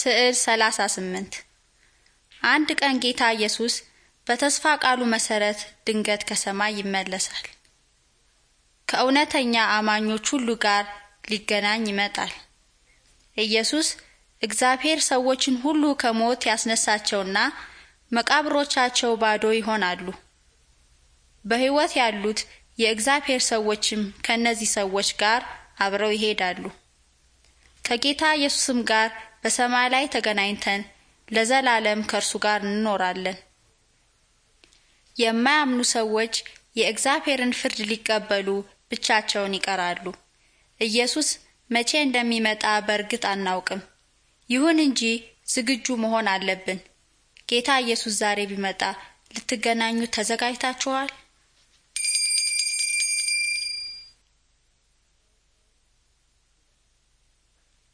ስዕል 38 አንድ ቀን ጌታ ኢየሱስ በተስፋ ቃሉ መሰረት ድንገት ከሰማይ ይመለሳል። ከእውነተኛ አማኞች ሁሉ ጋር ሊገናኝ ይመጣል። ኢየሱስ እግዚአብሔር ሰዎችን ሁሉ ከሞት ያስነሳቸውና መቃብሮቻቸው ባዶ ይሆናሉ። በሕይወት ያሉት የእግዚአብሔር ሰዎችም ከእነዚህ ሰዎች ጋር አብረው ይሄዳሉ። ከጌታ ኢየሱስም ጋር በሰማይ ላይ ተገናኝተን ለዘላለም ከእርሱ ጋር እንኖራለን። የማያምኑ ሰዎች የእግዚአብሔርን ፍርድ ሊቀበሉ ብቻቸውን ይቀራሉ። ኢየሱስ መቼ እንደሚመጣ በእርግጥ አናውቅም። ይሁን እንጂ ዝግጁ መሆን አለብን። ጌታ ኢየሱስ ዛሬ ቢመጣ ልትገናኙ ተዘጋጅታችኋል?